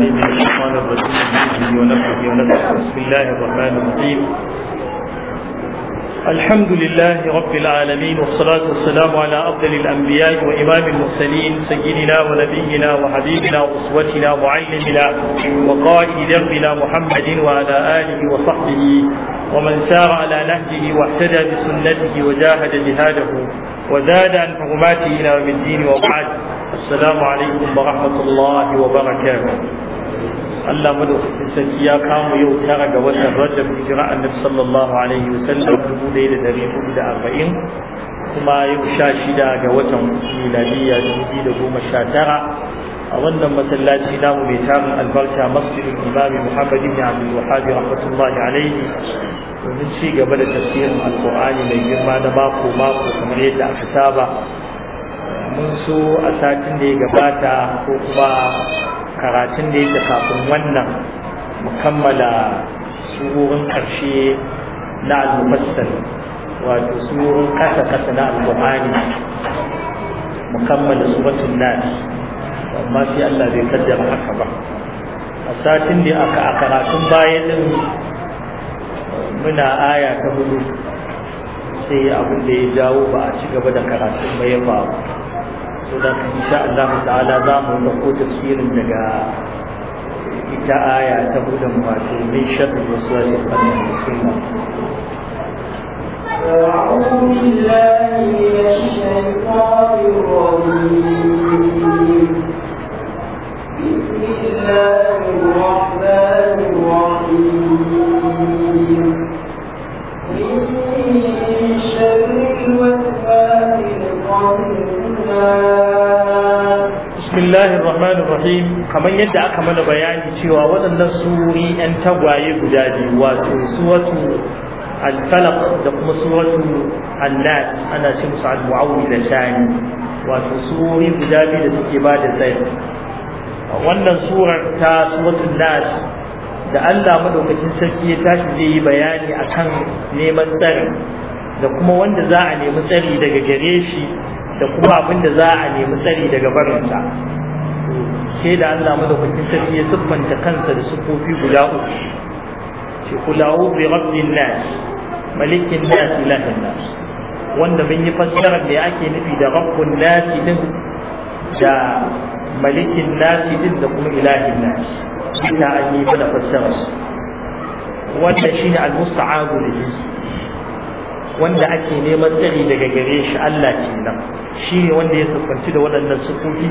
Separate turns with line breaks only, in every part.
الله من الشيطان الرجيم بسم الله الرحمن الرحيم الحمد لله رب العالمين والصلاة والسلام على أفضل الأنبياء وإمام المرسلين سيدنا ونبينا وحبيبنا وأسوتنا وعلمنا وقائد دربنا محمد وعلى آله وصحبه ومن سار على نهجه واهتدى بسنته وجاهد جهاده وزاد عن حرماته إلى يوم الدين وبعد السلام عليكم ورحمة الله وبركاته Allah madaukakin sarki ya kama yau tara ga watan Rajab hijira Annabi sallallahu alaihi wasallam dubu ɗaya da ɗari kuma yau sha shida ga watan miladiya dubu biyu da goma sha tara a wannan masallaci namu mai tarin albarka masjidul imami Muhammad ibn Abdul Wahhab domin ci gaba da tafsirin alkur'ani mai girma na mako mako kamar yadda aka saba mun so a satin da ya gabata ko kuma karatun da yake kafin wannan mu kammala surorin ƙarshe na al-mufassal wato surorin kasa kasa na al-qur'ani mu kammala suratul nas amma sai Allah bai kaddara haka ba a satin da aka a karatun bayanin muna aya ta hudu sai abin da ya jawo ba a ci gaba da karatun ba ya faru so da insha Allah ta'ala za mu dauko tafsirin daga ita aya ta hudun wato min sharri wasu wasu ɓannan musulman أعوذ بالله kamar yadda aka mana bayani cewa waɗannan suri 'yan tagwaye guda biyu wato suwatu al da kuma suratu an ana ce musu al da shani wato suri guda biyu da suke ba da zai wannan surar ta suratu an da Allah madaukakin sarki ya tashi zai yi bayani akan neman tsari da kuma wanda za a nemi tsari daga gare shi da kuma abin da za a nemi tsari daga barinsa sai da Allah madaukakin sarki ya siffanta kansa da sufofi guda uku ce kulawu bi rabbin nas malikin nas ilahin nas wanda mun yi fassara da ake nufi da rabbun nas din da malikin nas din da kuma ilahin nas ina an yi mana fassarar wannan shine al-musta'abu lillahi wanda ake neman tsari daga gare shi Allah shi ne wanda ya siffanci da waɗannan sukufi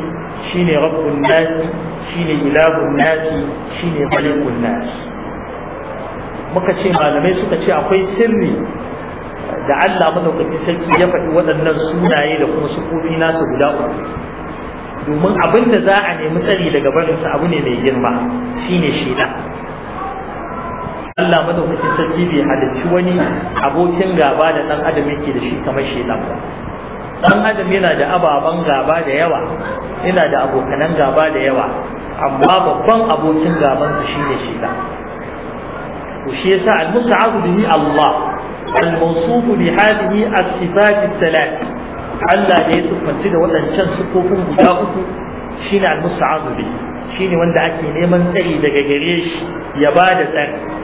shine rabbun nasi shine ilahun nasi shine malikun nasi muka ce malamai suka ce akwai sirri da Allah madaukaki sarki ya faɗi waɗannan sunaye da kuma sukufi nasu guda uku domin abin da za a nemi tsari daga barinsa abu ne mai girma shine shaitan Allah madaukakin sarki bai halarci wani abokin gaba da dan adam yake da shi kamar shedan ba dan adam yana da ababen gaba da yawa yana da abokanan gaba da yawa amma babban abokin gaban sa shine shedan ku shi yasa al-musta'adu bihi Allah al-mawsuf bi hadhihi as-sifat ath-thalath Allah da ya tsufanci da waɗancan sifofin guda uku shine al-musta'adu bihi shine wanda ake neman tsari daga gare shi ya ba da tsari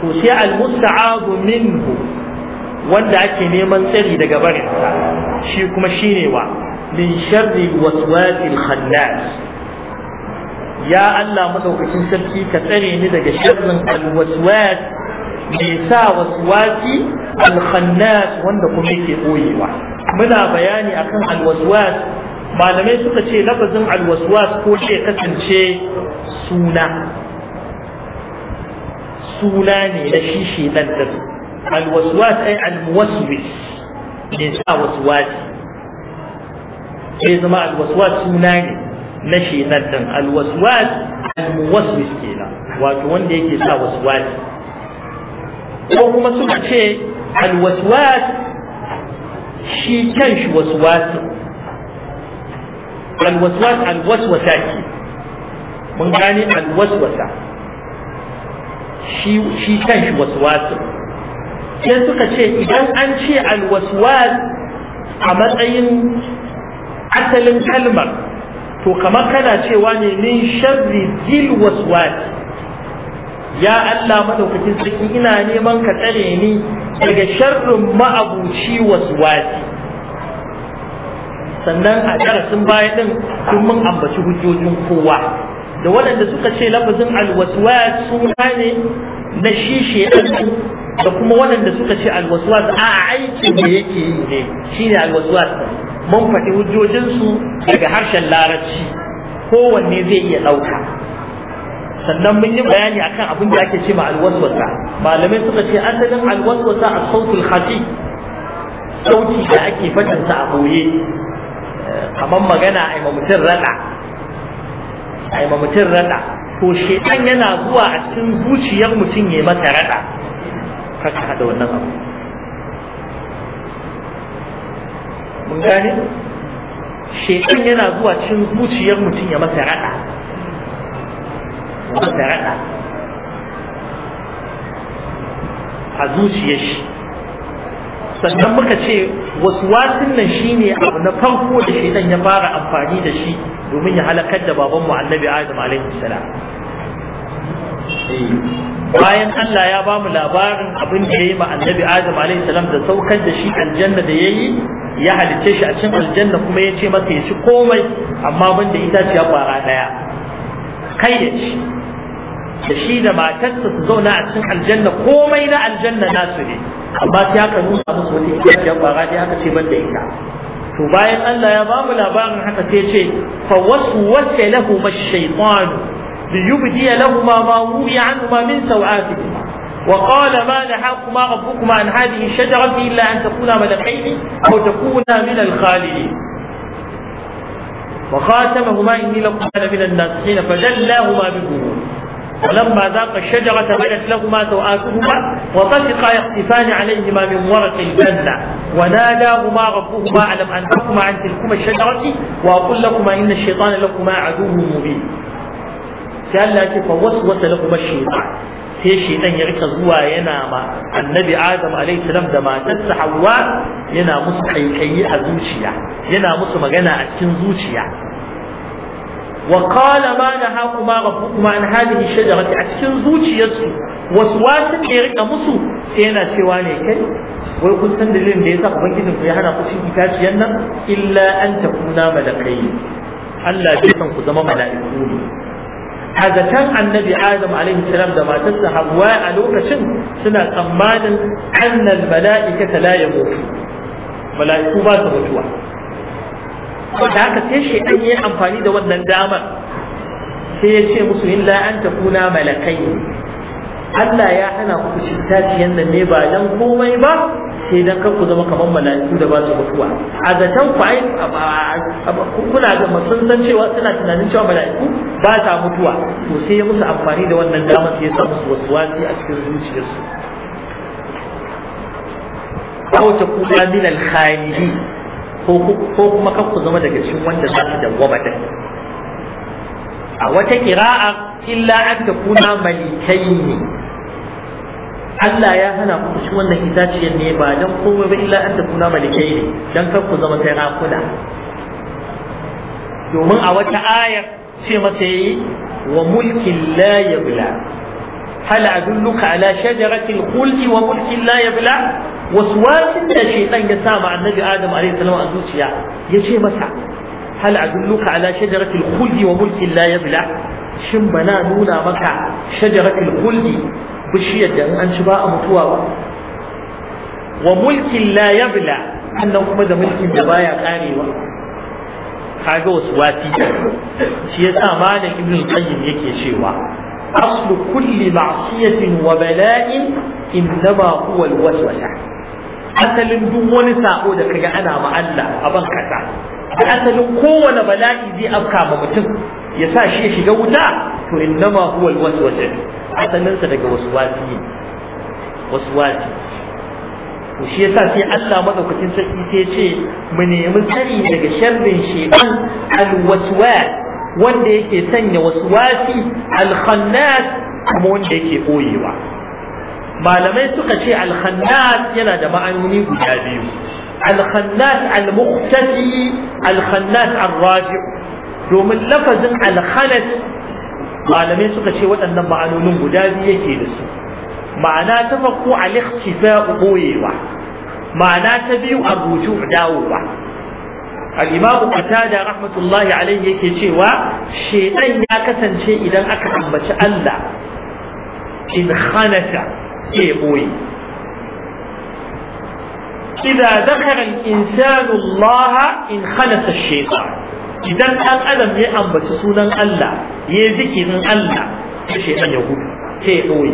to sai al-musta'adu minhu wanda ake neman tsari daga barinsa shi kuma shine wa min sharri waswasil khannas ya Allah madaukakin sarki ka tsare ni daga sharrin alwaswas Me sa waswasi alkhannas wanda kuma yake koyewa muna bayani akan alwaswas malamai suka ce lafazin alwaswas ko ce kasance suna suna ne na shi shi ɗan ɗan alwaswas ai almuwaswis ne sa waswasi sai zama alwaswas suna ne na shi ɗan ɗan alwaswas almuwaswis nan wato wanda yake sa waswasi ko kuma suka ce alwaswas shi kan shi waswasi alwaswas alwaswasa ke mun gane alwaswasa shi kan shi kanshi sai suka ce idan an ce alwaswas a matsayin asalin kalmar to kamar kana cewa ne min sharri zil waswas ya Allah madaukakin sarki ina neman ka tsare ni daga sharrin ma'abuci waswasi sannan a karasin baya din kun mun ambaci hujjojin kowa da waɗanda suka ce lafazin alwaswas suna ne na shi shedan da kuma waɗanda suka ce alwaswas a aikin da yake yi ne shine alwaswas mun faɗi hujjojinsu daga harshen larabci kowanne zai iya ɗauka sannan mun yi bayani akan abin da ake ce ma alwaswasa malamai suka ce asalin alwaswasa a sautul khafi sauti da ake fatansa a boye eh, kamar magana a mutum rada a yi ma mutum raɗa shi shaitan yana zuwa a cikin zuciyar mutum ya mata raɗa kaka da wannan abu mun gane shaitan yana zuwa cikin zuciyar mutum ya masa raɗa masa raɗa a zuciyar shi sannan muka ce waswasin nan shine abu na farko da shaitan ya fara amfani da shi domin ya halakar da baban mu annabi adam alaihi salam eh, bayan Allah ya ba mu labarin abin da yayi ma annabi adam alaihi salam da saukar da shi aljanna da yayi ya halicce shi a cikin aljanna kuma ya ce masa ya ci komai amma banda ya bara daya kai ya ci da shi da matarsa su zauna a cikin aljanna komai na aljanna nasu ne amma sai aka nuna musu wata itaciyar kwara dai aka ce ban da ita to bayan Allah ya bamu labarin haka sai ce fa waswasa lahum ash-shaytan liyubdi lahum ma wuri anhuma min sawatihima وقال ما نهاكما ربكما عن هذه الشجرة إلا أن تكونا ملكين أو تكونا من الخالدين وخاتمهما إني لكما من الناصحين فدلاهما بغرور ولما ذاق الشجرة بدت لهما سوآتهما وطفقا يقصفان عليهما من ورق الجنة وناداهما ربهما ألم أنهكما عن تلكما الشجرة وأقول لكما إن الشيطان لكما عدو مبين قال لك فوسوس لكما الشيطان sai shaitan ya rika zuwa yana ma annabi adam alaihi salam da matarsa Hauwa yana musu kaikayi a zuciya yana musu magana a cikin zuciya وقال ما نهاكما ربكما عن هذه الشجرة أتكن زوجي يسو وسواس يرقى مسو سينا سواني كي ويقول سند لين ليس أبنكين في هنا قشي إتاش ينا إلا أن تكونا ملكين ألا جيسن قدام ملائكوني هذا كان النبي آدم عليه السلام لما تسنى حواء لوكشن سنة أمانا أن الملائكة لا يموتون ملائكة ما تموتون da haka sai shaitan ya amfani da wannan damar sai ya ce musu illa an kuna malakai Allah ya hana ku ci taciyan nan ne ba dan komai ba sai dan kanku zama kamar mala'iku da ba su mutuwa a zaton ku ai kuna san cewa suna tunanin cewa mala'iku ba ta mutuwa to sai ya musu amfani da wannan damar sai ya sa musu waswasi a cikin zuciyarsu aw takuna min al ko kuma kan ku zama daga cikin wanda za su dawwama din a wata kira'a illa an ta kuna malikai ne Allah ya hana ku ci wannan itaciyar ne ba don komai ba illa an ta kuna malikai ne don kan ku zama sai rakuna domin a wata ayar ce masa yi wa mulkin la yabla hal adulluka ala shajaratil khuldi wa mulkin la waswasin da shaitan ya sa ma annabi adam alaihi salam a zuciya ya ce masa hal adulluka ala shajaratil khuldi wa mulkin la yabla shin bana nuna maka shajaratul khuldi bishiyar da an ci ba a mutuwa ba wa mulkin la yabla annan kuma da mulkin da baya karewa kaga wasu wati shi yasa malam ibnu qayyim yake cewa aslu kulli ma'siyatin wa bala'in innama huwa asalin duk wani sako da kaga ana ma Allah a ban kasa da asalin kowane bala'i zai afka ma mutum ya sa shi ya shiga wuta to innama huwa alwaswasa asalin sa daga waswasi waswasi to shi yasa sai Allah madaukakin sarki sai ce mu nemi tsari daga sharrin shaytan alwaswas wanda yake sanya waswasi alkhannas kuma wanda yake boyewa malamai suka ce alkhannas yana da ma'anoni guda biyu alkhannas almuqtadi alkhannas arraji' domin lafazin alkhanat malamai suka ce waɗannan ma'anonin guda biyu yake da su ma'ana ta farko al boyewa ma'ana ta biyu ar-ruju' dawowa al-imamu qatada rahmatullahi alayhi yake cewa shedan ya kasance idan aka ambaci Allah in khanata sai ya boye إذا ذكر الإنسان الله إن خلص الشيطان إذا الأدم يأم سونا الله يذكر الله الشيطان يقول سيقول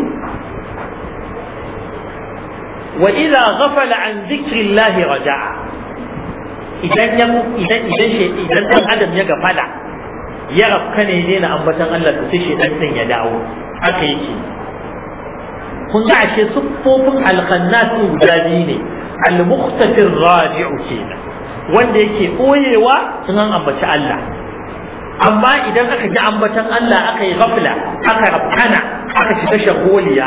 وإذا غفل عن ذكر الله رجع إذا يم إذا إذا شيء إذا الأدم يغفل يغفل كان يدين أم الله تسيشي أنت يدعو أكيد kun ga ashe siffofin alkhannas din guda biyu ne al raji'u kenan wanda yake koyewa sun an ambaci Allah amma idan aka ji ambatan Allah aka yi ghafla aka rabtana, aka shiga shagoliya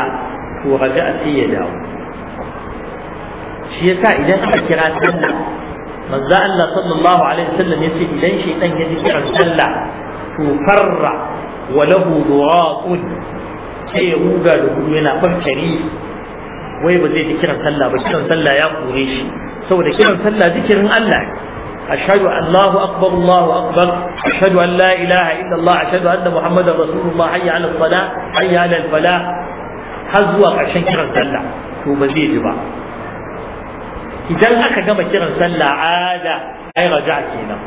to raja'a sai ya dawo shi yasa idan aka kira sallah manzo Allah sallallahu alaihi wasallam yace idan shaytan ya ji kiran sallah to farra wa lahu sai ya guga da gudu yana barkari wai ba zai ji kiran sallah ba kiran sallah ya kore shi saboda kiran sallah zikirin Allah ashhadu allahu akbar allahu akbar ashhadu an la ilaha illa allah ashhadu anna muhammadar rasulullah hayya ala salah hayya ala falah har zuwa ƙarshen kiran sallah to ba zai ji ba idan aka gama kiran sallah ada ai raja kenan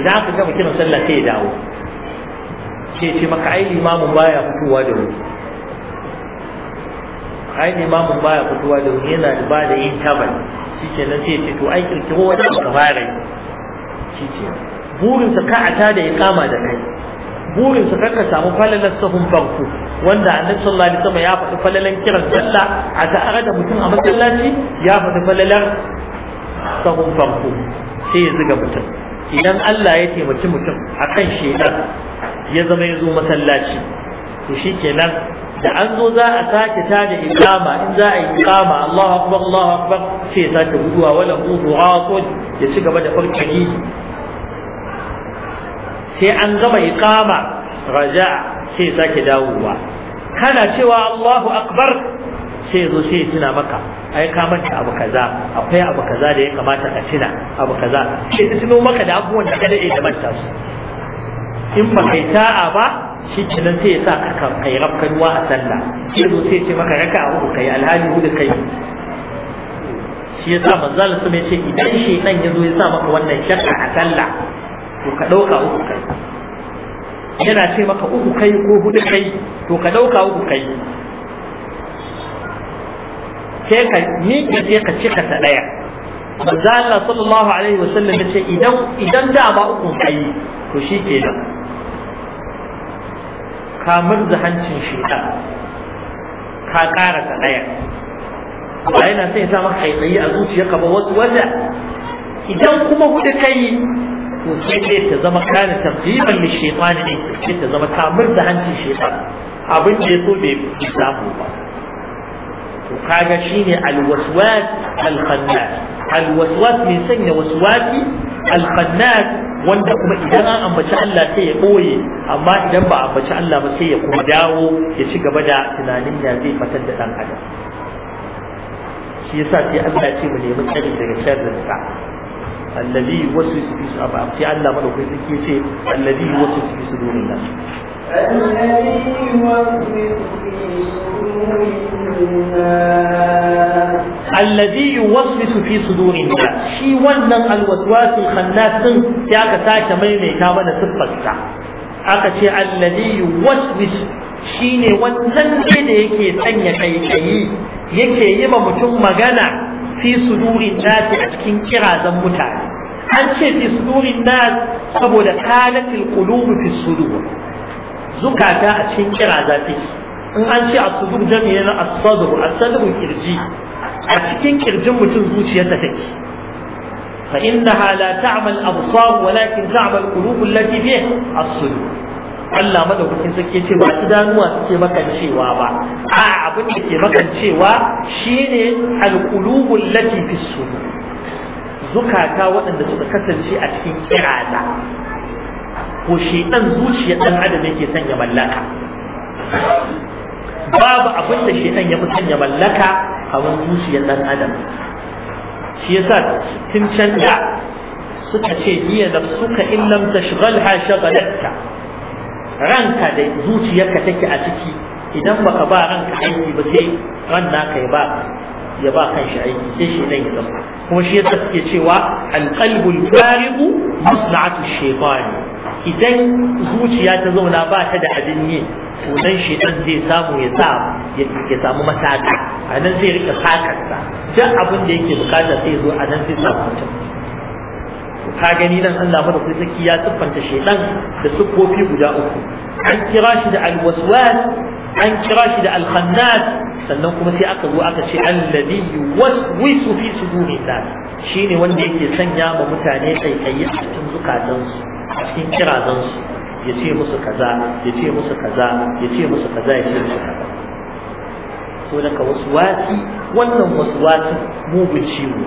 idan aka gama kiran sallah sai ya dawo sai ce maka ai limamin baya fitowa da wuri ai mun baya fitowa da wuri yana ba da yin tabar shi ke nan sai fito to ai kirkiro wani ka fara yi shi ke burinsa ka a tada ya kama da kai burinsa ka ka samu falalar sahun farko wanda annabi sallallahu alaihi wasallam ya faɗi falalar kiran sallah a ta'ara da mutum a masallaci ya faɗi falalar sahun farko sai ya ziga mutum idan Allah ya taimaki mutum akan shedan ya zama ya zo masallaci to shi kenan da an zo za a sake ta da iqama in za a yi iqama Allahu akbar Allahu akbar sai ya sake guduwa wala hudu ya ci gaba da farkari sai an gama iqama raja sai ya sake dawowa kana cewa Allahu akbar sai zo sai tuna maka ai ka manta abu kaza akwai abu kaza da ya kamata ka tuna abu kaza sai ta tuno maka da abubuwan da ka dade da manta su in ba kai ta'a ba shi kenan sai ya sa ka kai rafkan ruwa a sallah sai zo sai ce maka raka a uku kai alhali hudu kai shi ya sa manzal su ne ce idan shi nan ya zo ya sa maka wannan shakka a sallah to ka ɗauka uku kai yana ce maka uku kai ko hudu kai to ka ɗauka uku kai sai ka ni miƙe sai ka cika ta ɗaya manzo Allah sallallahu alaihi wasallam ya ce idan idan da ba uku kai to shi kenan ka murza hancin shaitan ka ƙara ta ɗaya ba yana sai ya sa maka haitsayi a zuciyarka ba wasu wanda idan kuma hudu kai to sai ta zama kana tarjiban li shaytan ne sai ta zama ta murda hancin shaytan abin da yaso bai samu ba to kaga shine alwaswas alkhannas alwaswas mai sanya waswasi alkhannas wanda kuma idan an ambaci Allah sai ya ɓoye amma idan ba ambaci Allah ba sai ya kuma dawo ya ci gaba da tunanin ya zai fatar da ɗan adam shi yasa sai Allah ce mu nemi tsari daga sharrinsa sa alladhi su fi su abu sai Allah madaukakin sai ke ce alladhi yuwaswisu fi dole nas الذي يوسوس في صدور الناس شي wannan alwaswas alkhannas din sai aka sake maimaita mana siffarsa aka ce alladhi yuwaswis shine wannan ne da yake sanya kaikayi yake yi ma mutum magana fi sudurin nasi a cikin kirazan mutane an ce fi sudurin nas saboda kalatil qulubu fi sudur zukata a cikin kira zafi in an ce a sudur jami'a na asadru asadru kirji a cikin kirjin mutum ta take fa innaha la ta'mal absar walakin ta'mal qulub allati fi as-sudur Allah madaukakin sarki ce ba su danuwa suke makancewa ba a abin da ke makancewa shine al-qulubul lati fi zukata waɗanda suka kasance a cikin ƙiraza. ko ɗan zuciyar ɗan adam yake sanya mallaka babu abin da ɗan ya fi sanya mallaka kamar zuciyar ɗan adam shi yasa tun can da suka ce hiya nafsuka in lam tashghalha shaghalatka ranka da zuciyarka take a ciki idan baka ba ranka aiki ba sai ran naka ya ba ya ba kan shi aiki sai shi dan ya zama kuma shi ya suke cewa alqalbul fariqu maslahatu shaytani idan zuciya ta zauna ba ta da abin yi to dan shedan zai samu ya sa ya samu mataka a nan zai rika sakarsa duk abin da yake bukata sai zo a nan zai samu mutum ka gani nan Allah mana sai saki ya siffanta shedan da siffofi guda uku an kira shi da alwaswas an kira shi da alkhannas sannan kuma sai aka zo aka ce alladhi yuwaswisu fi sudurin nas shine wanda yake sanya ma mutane kai-kai a cikin zukatansu a cikin kirazansu ya ce musu kaza ya ce musu kaza ya ce musu kaza ya ce musu kaza so daga wasu wati, wannan wasu wasuwasin mugun ciwo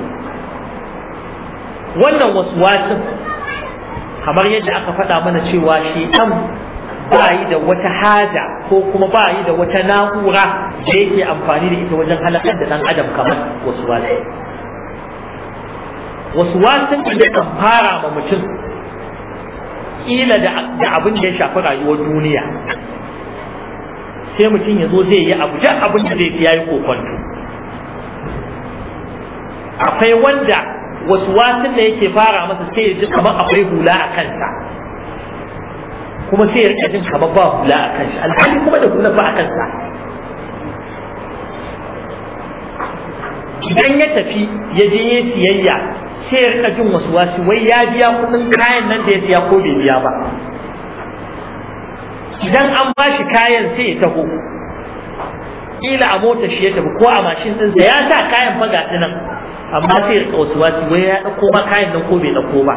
wannan wasu wasuwasin kamar yadda aka faɗa mana cewa shi ɗan ba yi da wata haja ko kuma ba yi da wata na'ura da yake amfani da ita wajen halakar da ɗan adam kamar wasu wasuwasi wasuwasin da kan fara ma mutum kila da abin da ya shafi rayuwar duniya sai mutum ya zo zai yi abu Jan abin da zai ya yi kokonto akwai wanda wasu wasin da yake fara masa sai ya ji kamar akwai hula a kansa kuma sai ya rike jin kamar ba hula a kansa alhali kuma da hula ba a kansa idan ya tafi ya je ya siyayya sai ya jin wasu wasu wai ya biya kuɗin kayan nan da ya siya ko bai biya ba idan an ba shi kayan sai ya taho kila a mota shi ya tafi ko a mashin ɗinsa ya sa kayan ga nan amma sai ya tsawo wasu wai ya dauko ba kayan nan ko bai dauko ba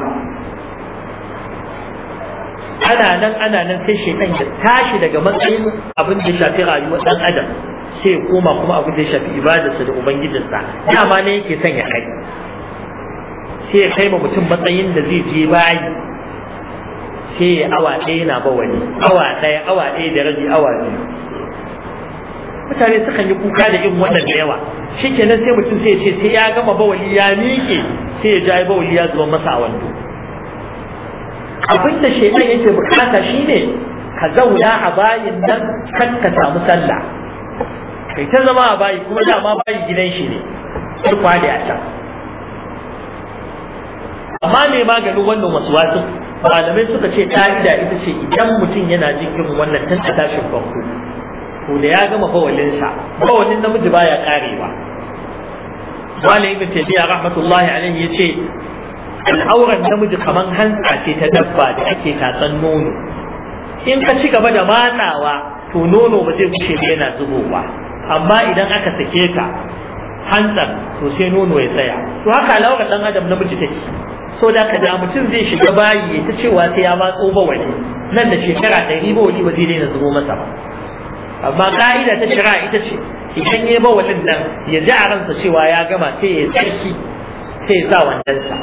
ana nan ana nan sai shekan ya tashi daga matsayin abin da ya shafi rayuwar dan adam sai ya koma kuma abin da ya shafi ibadarsa da ubangijinsa dama ne yake son ya kai sai ya kai ma mutum matsayin da zai je bayi sai ya awa ɗaya na ba wani awa ɗaya awa ɗaya da rabi awa biyu mutane sukan yi kuka da irin wannan da yawa shikenan sai mutum sai ya ce sai ya gama bawali ya miƙe sai ya ja bawali ya zuba masa a wando abin shaitan yake bukata shine ka zauna a bayin nan kan ka samu sallah kai ta zama a bayi kuma dama bayi gidan shi ne sai kwale a can amma me maganin wannan waswasin malamai suka ce ka'ida ita ce idan mutum yana jin irin wannan tun a tashin farko ko da ya gama bawalinsa bawalin namiji baya karewa wani ibn tafiya rahmatullahi alaihi ce. al'auran namiji kamar hantsa ce ta dabba da ake tatsan nono in ka ci gaba da matsawa to nono ba zai wuce ba yana zubowa amma idan aka sake ta hantsar to sai nono ya tsaya to haka al'aurar dan adam namiji take so da ka da mutum zai shiga bayi ya ta cewa sai ya matso ba wani nan da shekara ɗari ba wani ba zai daina zuwa masa ba amma ka'ida ta shira ita ce idan ya ba wani nan ya ji a ransa cewa ya gama sai ya tsarki sai ya sa wannan sa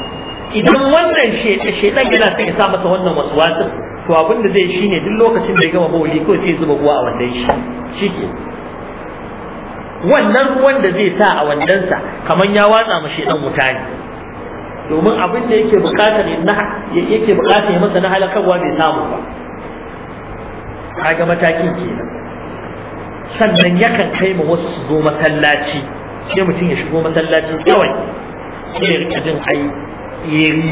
idan wannan shekara yana sai ya sa masa wannan wasu wasu to abin da zai shine duk lokacin da ya gama bawali ko sai zuba ruwa a wannan shi wannan ruwan da zai sa a wandansa kamar ya watsa ma shedan wuta ne domin abin da yake bukatar yake bukatar ya masa na halakarwa bai samu ba kaga matakin kenan sannan yakan kai mu wasu su zo masallaci sai mutum ya shigo masallaci kawai sai ya rika jin ai yeri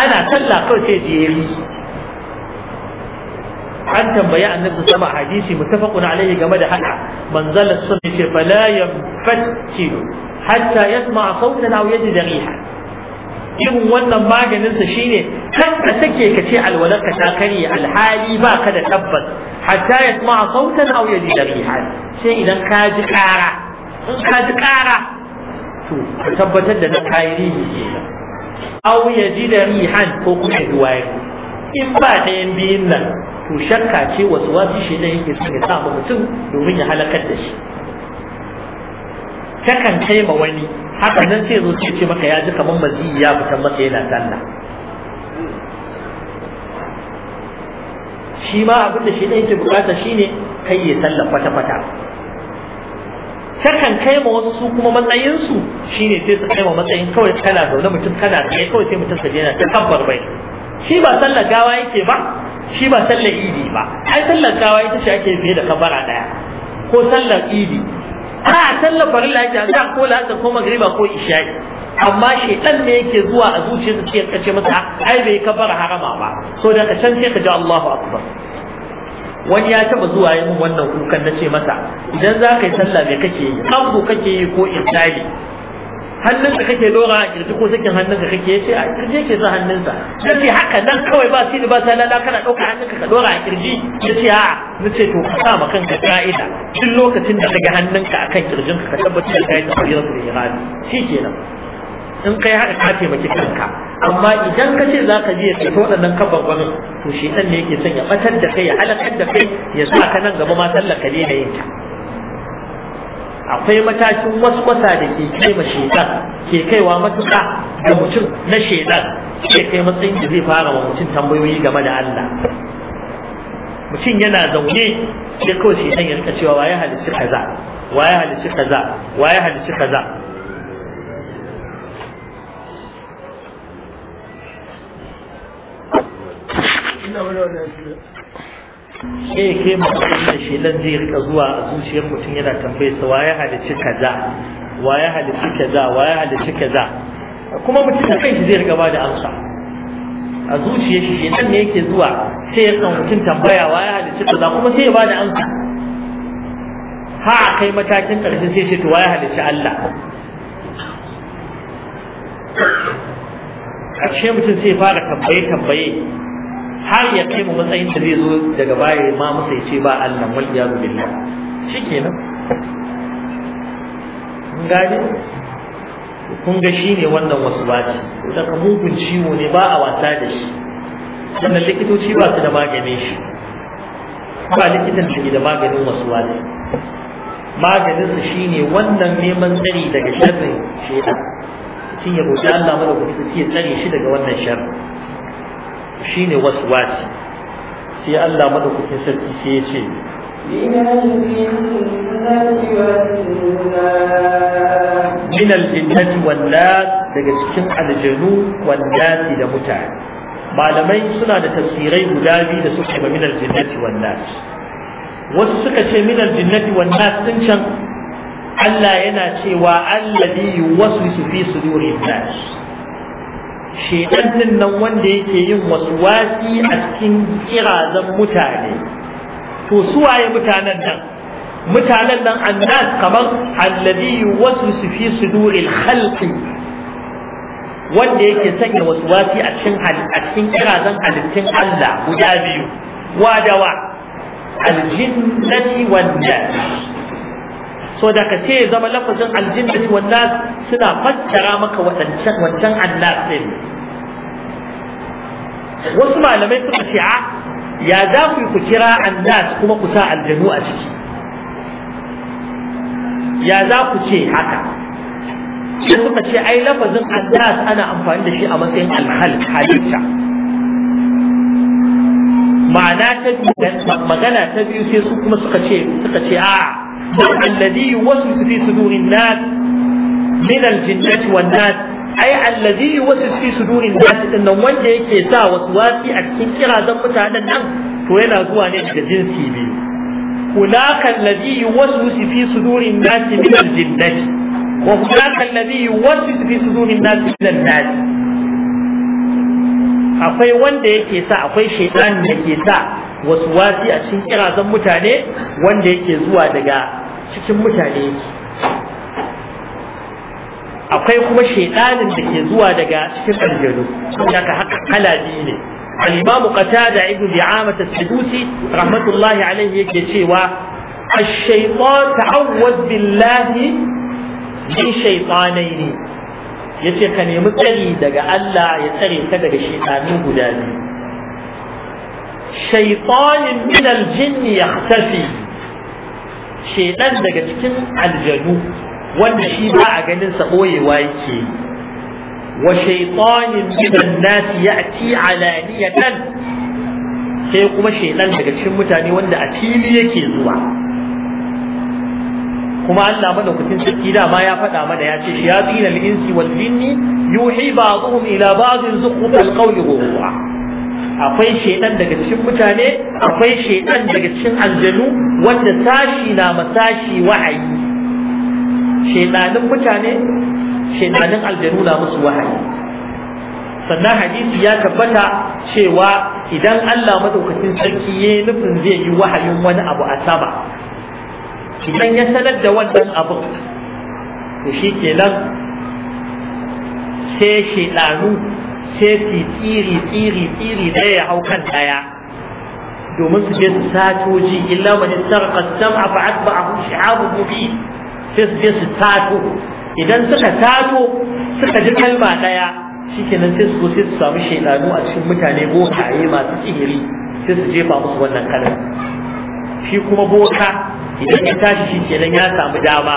ana sallah kawai sai je yeri an tambayi annabi sama hadisi mutafaqun alaihi game da haka manzalar sun ce fala yanfatilu hatta yasma'a sautan aw yajida riha irin wannan maganinsa shine kan ka take ka ce alwalarka ta karye alhali ba ka da tabbas hatta ya sama a sautan au ya da rihan sai idan ka ji ƙara in ka ji ƙara to ka tabbatar da na kayi rihi au ya ji da rihan ko kuma ya in ba ɗayan biyun nan to shakka ce wasu wasu shi ne yake son ya sa mutum domin ya halakar da shi takan kai ma wani haka nan sai zo ce ce maka ya ji kamar mazi ya fitan maka yana sallah shi ma abin da shi ne yake bukata shine kai ya sallah kwata-kwata takan kai ma wasu su kuma matsayinsu shine sai su kai ma matsayin kawai kana zaune mutum kana kai kawai sai mutum ka jena ta kabbar bai shi ba sallar gawa yake ba shi ba sallar idi ba ai sallar gawa ita ce ake fiye da kabara daya ko sallar idi a sallar farilla lafiya an ko la'asar ko magriba ko isha'i amma shaitan ne yake zuwa a zuciyarsa ce ka ce masa ai bai kabar harama ba so da ka can sai ka ji Allahu akbar wani ya taba zuwa yi min wannan kukan na ce masa idan za ka yi sallah me kake yi kanku kake yi ko isha'i hannunka kake dora a kirji ko sakin hannunka kake yace a kirji yake sa hannunsa sai haka nan kawai ba sai ba sai lalla kana dauka hannunka ka dora a kirji yace a nace to ka sa ma kanka ka'ida duk lokacin da kaga hannunka akan kirjinka ka tabbatar da kai tafiyaratul ihadi shikenan in kai haka ka taimaki kanka amma idan ka ce za ka je ka ta waɗannan kababbanin to shi ne yake son ya ɓatar da kai ya halakar da kai ya sa ka nan gaba ma sallar ka ne na yin ta akwai matakin wasu wasa da ke kai ma shaitan ke kaiwa matuƙa da mutum na shaitan ke kai matsayin da zai fara wa mutum tambayoyi game da Allah mutum yana zaune sai kawai shaitan ya rika cewa waye halicci kaza waye halicci kaza waye halicci kaza sai kai mutum da nan zai rika zuwa a zuciyar mutum yana tambaye sa waye halicci kaza waye halicci kaza waye halicci kaza kuma mutum da kanshi zai rika bada amsa a zuciyar shi nan ne yake zuwa sai ya san mutum tambaya waye halicci kaza kuma sai ya bada amsa ha a kai matakin karshe sai ce to waye halicci Allah a ce mutum sai fara tambaye tambaye har ya kai mu matsayin da zai zo daga baya ma musa ya ce ba Allah wal iyadu billah shikenan kun gane kun ga shi ne wannan wasu baci daga mugun ciwo ne ba a wasa da shi wannan likitoci ba su da maganin shi ba likitan da ke da maganin wasu ne maganin su ne wannan neman tsari daga sharrin shaitan mutum ya roƙi Allah madaukaki ya tsare shi daga wannan sharrin? Shi shine waswasi sai Allah madaukakin sarki sai ya ce min al-jinnati wan nas daga cikin aljanu wan nas da mutane malamai suna da tafsirai guda biyu da suke ba min al-jinnati wan nas wasu suka ce min al-jinnati wan nas din can Allah yana cewa alladhi yuwaswisu fi sudurin nas shedan din nan wanda yake yin wasi a cikin kirazan mutane to suwaye mutanen nan mutanen nan annas kamar alladhi yuwaswisu fi suduril khalqi wanda yake sanya wasi a cikin a cikin kirazan halittun Allah guda biyu wa dawa aljinnati wan nas so da ka ce zama lafazin aljinnati wannan suna fassara maka wadancan wancan annas din wasu malamai suka ce a ah, ya za ku ku kira annas kuma ku sa aljanu a ciki ya za ku ce haka sai suka ce ai lafazin annas ana amfani da shi a matsayin alhal halitta ma'ana ta biyu magana ta biyu sai su kuma suka ce suka ce a'a ah, الذي يوسوس في صدور الناس من الجنة والناس أي الذي يوسوس في صدور الناس إن وجه يكيسا وسواسي أكين كرا زمت هذا النام فوين أقوى نجد جنسي بي هناك الذي يوسوس في صدور الناس من الجنة وهناك الذي يوسوس في صدور الناس من الناس akwai wanda yake sa akwai shaitan da ke sa wasu wasi a cikin kirazan mutane wanda yake zuwa daga cikin mutane akwai kuma shaidanin da ke zuwa daga cikin aljanu daga haka kala biyu ne al-imamu qatada ibn bi'amah as rahmatullahi alayhi yake cewa ash-shaytan ta'awwaz billahi min shaytanayn yace ka nemi tsari daga Allah ya tsare ka daga shaytanin guda biyu shaytanin min aljin yakhtafi shaytan daga cikin aljanu wanda shi ba a ganin sa boyewa yake wa shaytanin min an ya'ti alaniyatan sai kuma shaytan daga cikin mutane wanda a fili yake zuwa kuma Allah madaukakin sarki da ma ya faɗa mana ya ce ya tsina al-insi wal jinni yuhi ba'dhum ila ba'dhin zukhrufa al-qawli ghurura akwai shaidan daga cikin mutane akwai shaidan daga cikin aljanu wanda sashi na masashi wahayi shaidanin mutane shaidanin aljanu na musu wahayi sannan hadisi ya tabbata cewa idan Allah madaukakin sarki ya nufin zai yi wahayin wani abu a sama idan ya sanar da wannan abu to shi kenan sai shaidanu sai su tsiri tsiri tsiri ɗaya ya hau kan ɗaya domin su je su sato ji illa man sam'a fa atba'ahu abu gobi sai su je su sato idan suka tato suka ji kalma ɗaya nan sai su zo sai su samu shaidanu a cikin mutane bokaye masu tsiri sai su jefa musu wannan kalma shi kuma boka idan ya tashi nan ya samu dama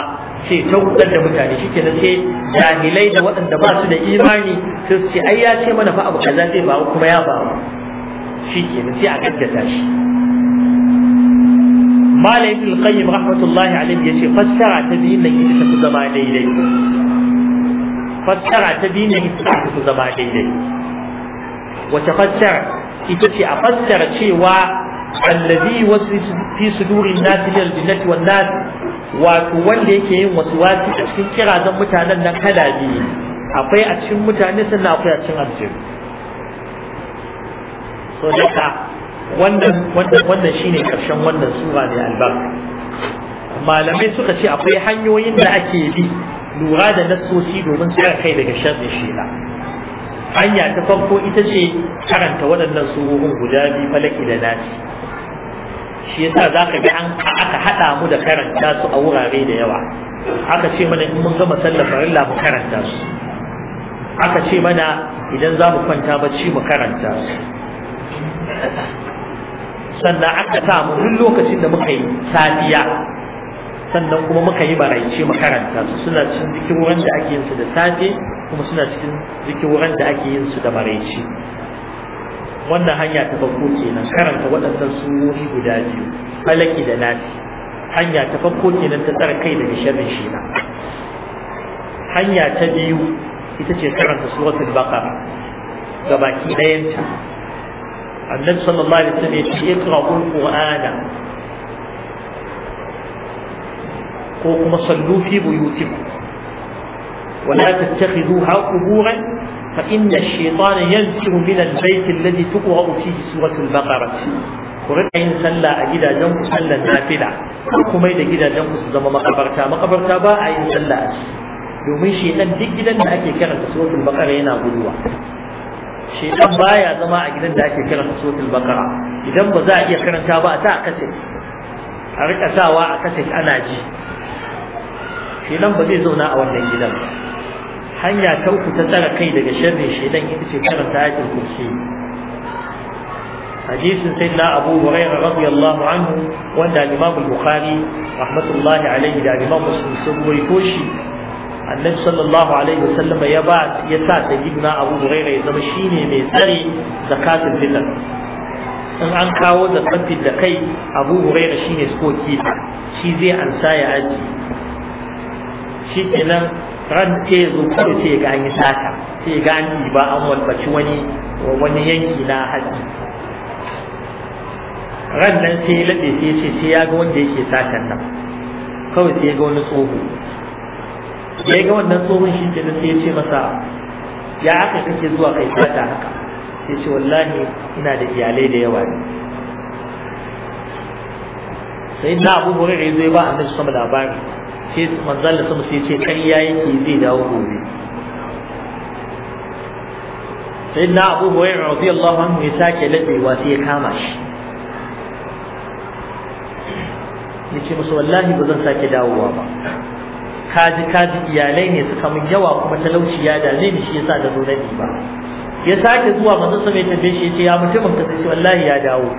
sai ta hudar da mutane shi ke sai jahilai da waɗanda ba su da imani sai su ce ai ya ce mana fa abu kaza zai ba kuma ya ba shi ke sai a gaggata shi malam ibn qayyim rahmatullahi alaihi yace fassara ta biyu nan ita ta zama daidai fassara ta biyu nan ita ta zama daidai wata fassara ita ce a fassara cewa allazi wasu fi sudurin nasi lil jannati wan nas wato wanda yake yin wasu wasi a cikin kirazan mutanen nan kala biyu akwai a cikin mutane sannan akwai a cikin aljihu so daga wannan wannan wannan shine karshen wannan sura ne albarka malamai suka ce akwai hanyoyin da ake bi lura da nassosi domin tsaya kai daga sharri na hanya ta farko ita ce karanta waɗannan surorin guda biyu falaki da nasi shi yasa ka ga an aka haɗa mu da karanta su a wurare da yawa aka ce mana in mun gama sallar farilla mu karanta su aka ce mana idan za mu kwanta bacci mu karanta su sannan aka sa mu duk lokacin da muka yi safiya sannan kuma muka yi baraice mu karanta su suna cikin zikirorin da ake yin su da safe kuma suna cikin zikirorin da ake yin su da baraice wannan hanya ta farko kenan karanta waɗannan surori guda biyu falaki da nafi hanya ta farko kenan ta tsara kai daga sharrin shi na hanya ta biyu ita ce karanta suratul baqara ga baki ɗayan ta annabi sallallahu alaihi wasallam ya ce iqra'ul qur'ana ko kuma sallu fi buyutikum ولا تتخذوها قبورا فإن الشيطان ينفر من البيت الذي تقرأ فيه سورة البقرة قرأت إن صلى أجدا جنب صلى النافلة كما إذا جدا جنب صلى مقبرتا مقبرتا باع إن صلى domin shedan duk gidan da ake karanta suratul baqara yana guduwa shedan baya zama a gidan da ake karanta suratul baqara idan ba za a iya karanta ba a ta a kace a rika sawa a kace ana ji shedan ba zai zauna a wannan gidan ba hanya ta uku ta tsara kai daga sharrin shaidan ita ce karanta ayatul kursi hadisin sayyidina Abu Hurairah radiyallahu anhu wanda Imam Bukhari rahmatullahi alayhi da Imam Muslim sun rawaito shi Annabi sallallahu alaihi wasallam ya ba ya sa sayyidina Abu Hurairah ya zama shine mai tsare zakatul fitr in an kawo da zakatul da kai Abu Hurairah shine soki shi zai ansa ya aji shi kenan ran ce ya zo ce ga ya gani sata ga ya yi ba an walbaci wani wani yanki na haji ran nan sai ya laɗe sai ce sai ya ga wanda yake satan nan kawai sai ya ga wani tsoho ya ga wannan tsohon shi ke sai ya ce masa ya aka kake zuwa kai sata haka sai ce wallahi ina da iyalai da yawa ne sai na abu rai zai ba su sama labari sai manzon Allah sai ce yayin ki zai dawo gobe Sai na Abu Hurairah Allah wani ya sake ladewa sai ya kama shi ce musu wallahi ba zan sake dawowa ba kaji kaji iyalai ne suka min yawa kuma talauci ya dame ni shi yasa da zo ba ya sake zuwa manzon sa mai tambaye shi ce ya mutumin ka sai wallahi ya dawo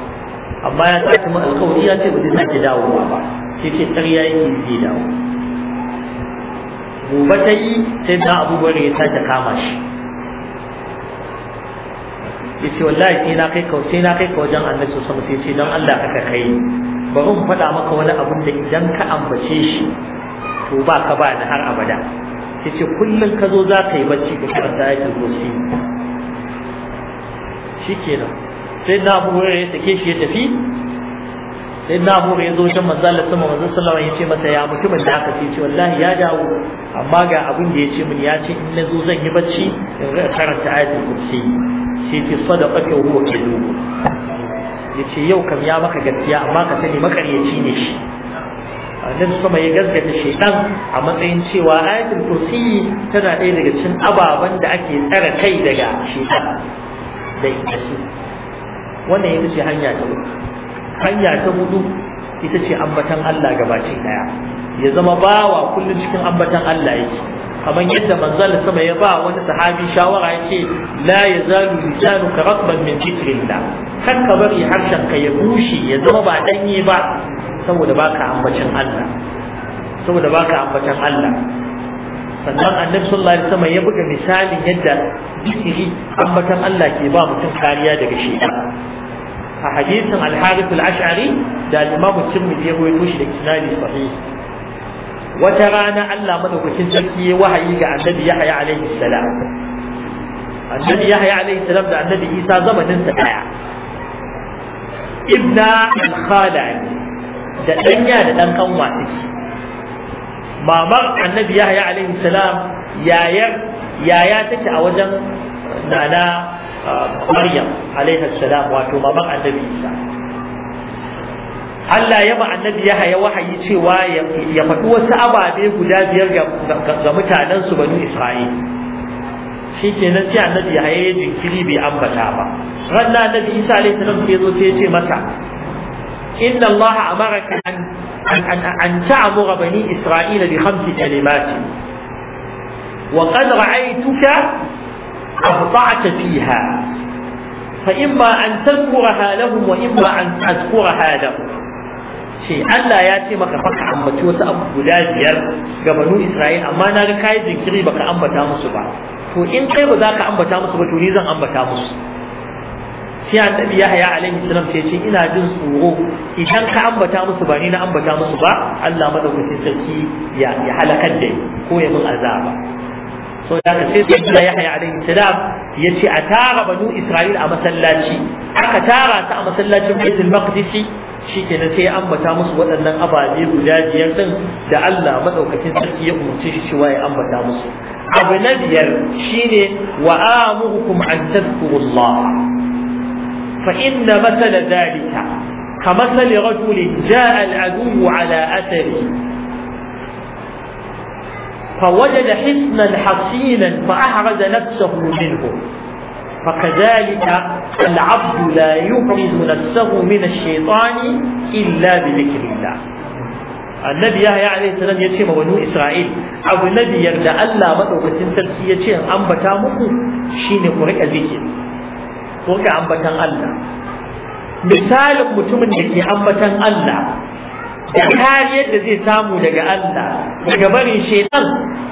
amma ya sake min alƙawari ya ce ba zai sake dawowa ba sai ce ƙarya yake zai dawo gobe ta yi sai da abubuwan ya sake kama shi ya ce wallahi sai na kai kawai sai na kai ka wajen annabi sosai sama sai ce don Allah kaka kai bari in faɗa maka wani abun da idan ka ambace shi to ba ka ba da har abada ya ce kullum ka zo za ka yi bacci ka karanta ayatul kursi shi kenan sai na abubuwan ya sake shi ya tafi sai na abu ya zo wajen manzalar sama maza sallama ya ce masa ya mutumin da aka ce wallahi ya dawo amma ga abin da ya ce min ya ce in na zo zan yi bacci in karanta ayatul kursi sai ce ruwa ke kadhub ya ce yau kam ya maka gaskiya amma ka sani makaryaci ne shi annabi sama ya gaskata shaitan a matsayin cewa ayatul kursi tana ɗaya daga cikin ababen da ake tsara kai daga shaitan da ita wannan ya ce hanya ta uku hanya ta hudu ita ce ambatan Allah gabaci daya ya zama bawa kullum cikin ambatan Allah yake kamar yadda manzal sama ya ba wani sahabi shawara ce, la yazalu ka ratban min dhikrillah kan ka bari harshen ka ya bushe ya zama ba danye ba saboda baka ambacin Allah saboda baka ambacin Allah sannan annabi sallallahu alaihi wasallam ya buga misalin yadda zikiri ambatan Allah ke ba mutum kariya daga shaytan a hadisin al al-ash'ari da al-imam tirmidhi ya rawaito shi da isnadi sahih wata rana Allah madaukakin sarki ya wahayi ga annabi Yahya alaihi salam annabi Yahya alaihi salam da annabi Isa zamanin sa daya ibna al-khala da danya da dan kanwa take mamar annabi Yahya alaihi salam yayar yaya take a wajen nana Maryam alaihi salam wato baban annabi Isa Allah ya ba annabi ya haya wahayi cewa ya faɗi wasu ababe guda biyar ga mutanen su banu Isra'il shi kenan sai annabi ya haya jinkiri bai ambata ba ranar annabi Isa alaihi salam sai zo sai ya ce masa inna Allah amaraka an an an ta'mura bani Isra'ila bi khamsi kalimati وقد رأيتك أخطأت فيها فإما أن تذكرها لهم وإما أن تذكرها لهم ce Allah ya ce maka fa ka ambaci wasu abu guda biyar ga banu Isra'il amma na ga kai jinkiri baka ambata musu ba to in kai ba za ka ambata musu ba to ni zan ambata musu sai annabi Yahya alaihi salam ce ina jin tsoro idan ka ambata musu ba ni na ambata musu ba Allah madaukakin sarki ya ya halakar da ko ya mun azaba so da ka sai sai Yahya alaihi salam yace a tara banu Isra'il a masallaci aka tara ta a masallacin Baitul Maqdis shikenan sai ya ambata musu waɗannan ababe guda biyar din da Allah madaukakin sarki ya umarci shi cewa ya ambata musu abu na biyar shine wa amurukum an tadhkurullah fa inna masala ka كمثل رجل جاء العدو على أثره فوجد حسنا حصينا فأعرض نفسه منه فكذلك العبد لا يبرز نفسه من الشيطان إلا بذكر الله النبي يحيى عليه السلام يتيم بنو إسرائيل أبو النبي يرجع ألا بدو قتل تلسي يتيم أم بتامه شين قرئ ذكر قرئ أم بتام ألا مثال متمنك أم بتام ألا kariyar da zai samu daga Allah daga bari shaitan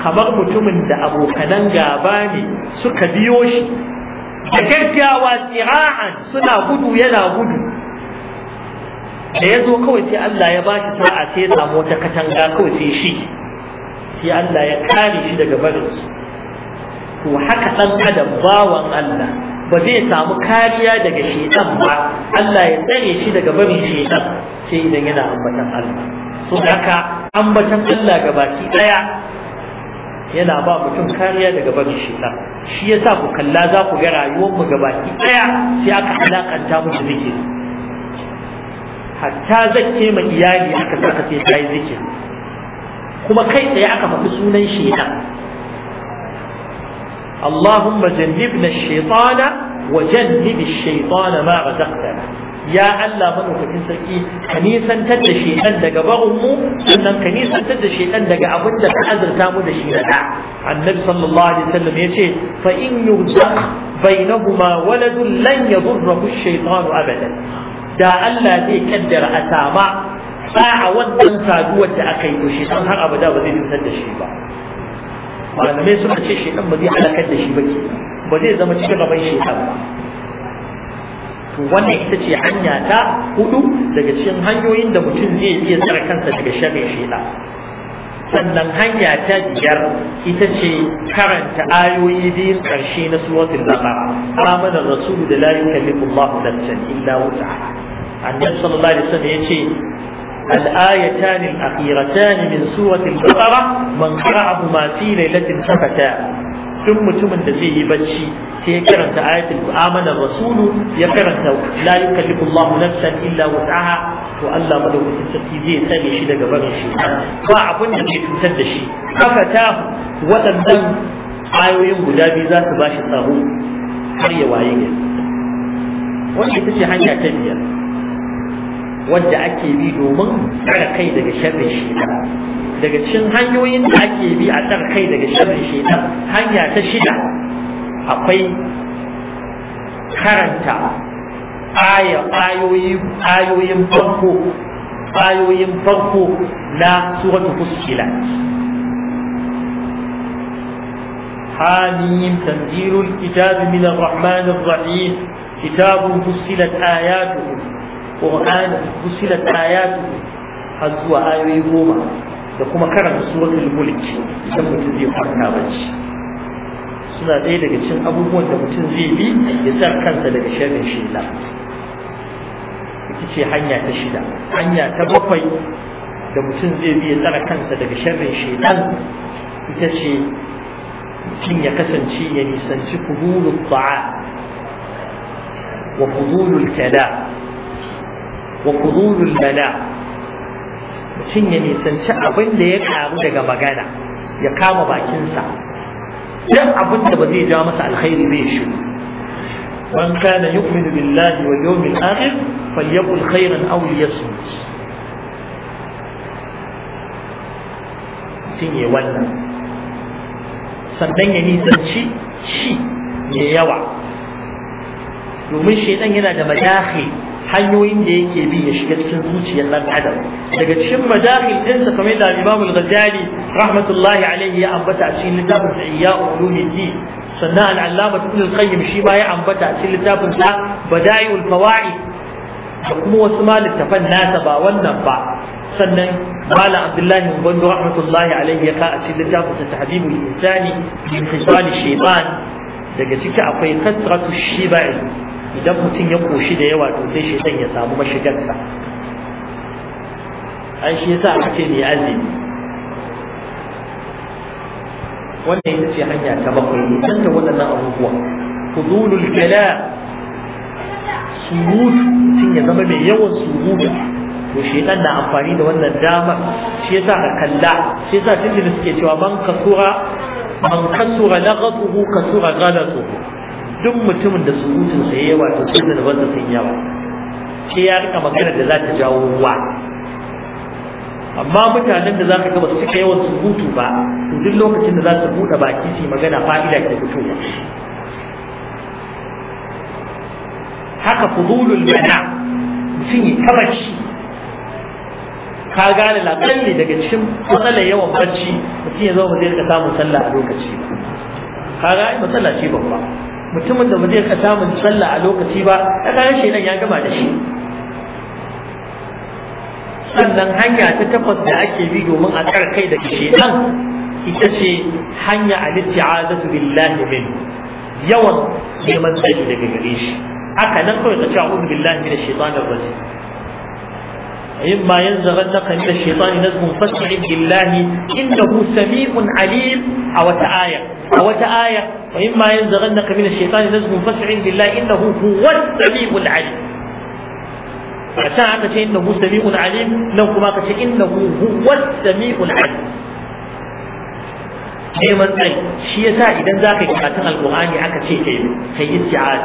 kamar mutumin da abokanan gaba ne suka biyo shi da gaggawa tsira'an suna gudu yana gudu da ya zo kawai sai Allah ya bashi sa'a sai ya samu wata katanga kawai sai shi sai Allah ya kare shi daga barinsu to haka dan adam bawan Allah ba zai samu kariya daga shaitan ba Allah ya tsare shi daga barin shaitan sai idan yana ambatan Allah so haka ambatan Allah ga baki daya yana ba mutum kariya daga barin shaitan shi yasa ku kalla za ku ga rayuwar mu ga baki daya sai aka alakanta mu da hatta zakke ma iyali aka saka sai ta yi kuma kai tsaye aka faɗi sunan shaitan اللهم جنبنا الشيطان وجنب الشيطان ما رزقنا ya Allah madaukakin sarki ka nisantar da shedan daga ba'unmu sannan ka nisantar da shedan daga abin da ka azurta mu da shi da da annabi sallallahu alaihi wasallam yace fa in yurzaq bainahuma waladun lan yadurruhu ash-shaytanu abadan da Allah zai kaddara a sama sa'a wannan saduwar da aka yi to shedan har abada ba zai nisantar da shi ba malamai suka ce shedan ba zai halakar da shi ba ba zai zama cikin gaban shedan ba wannan ita ce hanya ta hudu daga cikin hanyoyin da mutum zai iya tsare kansa daga sharrin shaitan sannan hanya ta biyar ita ce karanta ayoyi biyun karshe na suratul baqara amana rasul da la yukallifu Allah nafsan illa wus'aha annabi sallallahu alaihi wasallam yace الآيتان الأخيرتان min سورة البقرة من قرأهما في ليلة ثبتا duk mutumin da zai yi bacci sai ya karanta ayatul amana rasulu ya karanta la yukallifu Allahu nafsan illa wus'aha to Allah madaukakin sarki zai tsare shi daga barin shi ba abin da ke cutar da shi haka ta waɗannan ayoyin guda biyu za su ba shi tsaro har ya waye gari wanda ita ce hanya ta biyar Wanda ake bi domin tsare kai daga sharrin shi daga cikin hanyoyin da ake bi a tsar kai daga sharrin shaitan hanya ta shida akwai karanta aya ayoyin ayoyin farko ayoyin farko na suratul fussilat حاميم تنزيل الكتاب من الرحمن الرحيم كتاب فصلت آياته قرآن فصلت آياته حزو آية يوما da kuma karanta suratul mulk idan mutum zai kwanta bacci suna ɗaya daga cikin abubuwan da mutum zai bi ya sa kansa daga sharrin shida ita ce hanya ta shida hanya ta bakwai da mutum zai bi ya tsara kansa daga sharrin shaitan ita ce mutum ya kasance ya nisanci fudulul ba'a wa fudulul kada wa fudulul bala mutum ya nisanci abin da ya karu daga magana ya kama bakinsa duk abin da ba zai ja masa alkhairi zai shi man kana yu'minu billahi wal yawmil akhir falyakul khairan aw liyasmut mutum ya wannan sannan ya nisanci shi mai yawa domin shaidan yana da madahi hanyoyin da yake bi ya shiga cikin zuciyar dan adam daga cikin madakhil ɗinsa kamar da Imam al-Ghazali rahmatullahi alaihi ya ambata a cikin littafin sa Iyya'u Ulumuddin sannan al-Allama Ibn al-Qayyim shi ma ya ambata a cikin littafin sa Bada'iul Fawaid da kuma wasu ma littafan nasa ba wannan ba sannan Malam Abdullahi Mbandu rahmatullahi alaihi ya ka a cikin littafin sa Tahdhibul Insani min Khisal Shaytan daga ciki akwai kasratu shiba'i idan mutum ya koshi da yawa to sai shaitan ya samu mashigarsa An shi yasa aka ce ne azumi wannan ita ce hanya ta bakwai ne canza waɗannan abubuwa fudulul kala surutu mutum ya zama mai yawan surutu to shaitan na amfani da wannan dama, shi yasa ka kalla shi yasa da suke cewa man kasura man kasura lagatuhu kasura ghalatuhu duk mutumin da surutun sa yawa wato sun da wanda sun yawa sai ya rika magana da za ta jawo ruwa amma mutanen da za ka gaba su cika yawan surutu ba to duk lokacin da za su buɗe baki su magana fa'ida ke fitowa haka fudulul mana mutum yi ta shi, ka gane laƙalli daga cikin matsala yawan bacci mutum ya zama zai rika samun sallah a lokaci ka gane matsala ce babba mutumin da ba zai ka samun sallah a lokaci ba a kayan shaidan ya gama da shi sannan hanya ta takwas da ake bi domin a kar kai da shaidan ita ce hanya al-isti'azatu billahi min yawan neman tsari daga gare shi haka nan kawai ka ce a'udhu billahi minash shaitanir rajim إما ينزغنك من الشيطان نزغ فاستعذ بالله إنه سميع عليم أو تآية أو تآية وإما ينزغنك من الشيطان نزغ فاستعذ بالله إنه هو السميع العليم عشان عندك إنه سميع عليم لو كما إنه هو السميع العليم أي من أي شيء إذا ذاك كما القرآن عندك شيء كيف كي استعاذ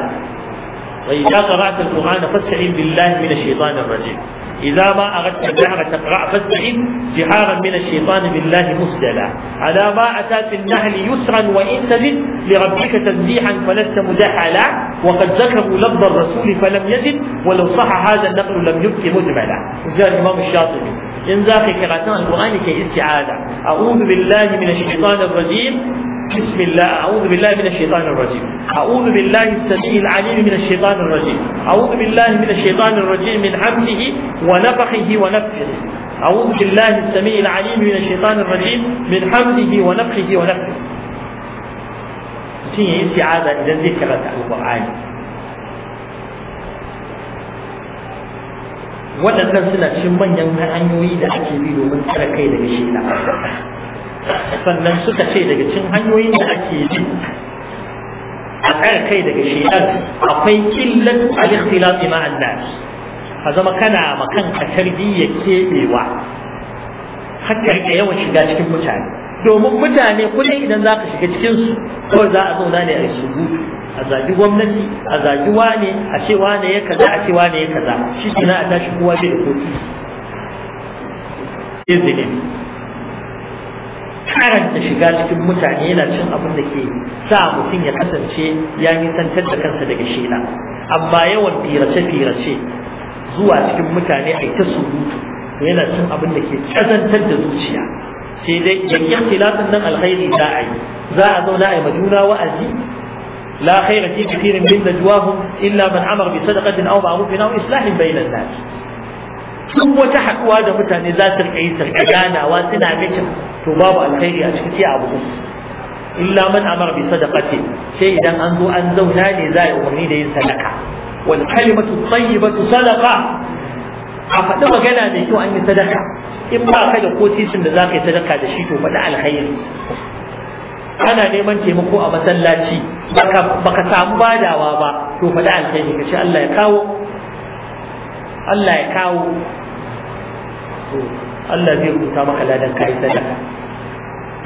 وإذا قرأت القرآن فاستعذ بالله من الشيطان الرجيم إذا ما أردت النهر تقرأ فاستعن جهارا من الشيطان بالله مسدلا على ما أتى في النهر يسرا وإن تجد لربك تسبيحا فلست مدحلا وقد ذكروا لفظ الرسول فلم يزد ولو صح هذا النقل لم يبقي مجملا جاء الإمام الشاطبي إن ذاك قراءة القرآن كاستعاذة أعوذ بالله من الشيطان الرجيم بسم الله أعوذ بالله من الشيطان الرجيم أعوذ بالله السميع العليم من الشيطان الرجيم أعوذ بالله من الشيطان الرجيم من حمده ونفخه ونفخه أعوذ بالله السميع العليم من الشيطان الرجيم من حمده ونفخه ونفخه شيء يعني استعاذة إذا ذكرت القرآن waɗannan suna cikin manyan hanyoyi da ake bi domin tsare kai daga shi sannan suka ce daga cin hanyoyin da ake yi a tsar kai daga shaidan akwai killatu al-ikhtilafi ma'an nas a zama kana makan ka tarbiyya kebewa hakkar ka yawan shiga cikin mutane domin mutane kudin idan za ka shiga cikin su kawai za a zauna ne a surutu a zagi gwamnati a zagi wane a ce wane ya kaza a ce wane ya kaza shi ke na a tashi kowa bai da kotu izinin karanta shiga cikin mutane yana cin abin da ke sa mutum ya kasance ya nisantar da kansa daga shela amma yawan firace-firace zuwa cikin mutane a ta surutu yana cin abin da ke kazantar da zuciya sai dai yankin tilafin nan alkhairi za a yi za a zauna a yi majuna wa'azi لا خير في كثير من نجواهم إلا من أمر بصدقة أو معروف أو إصلاح بين الناس ثم تحقوا هذا متى نزات الكيس الكيانة وسنع بشر to babu alkhairi a cikin sai abu illa man amara bi sadaqati sai idan an zo an zauna ne za a umarni da yin sadaka wal kalimatu tayyibatu sadaqa a faɗi magana mai kyau an yi sadaka in ba ka da ko titin da za ka yi sadaka da shi to faɗi alkhairi kana neman taimako a masallaci baka samu badawa ba to faɗi alkhairi ka ce Allah ya kawo Allah ya kawo Allah zai rubuta maka ladan kai sadaka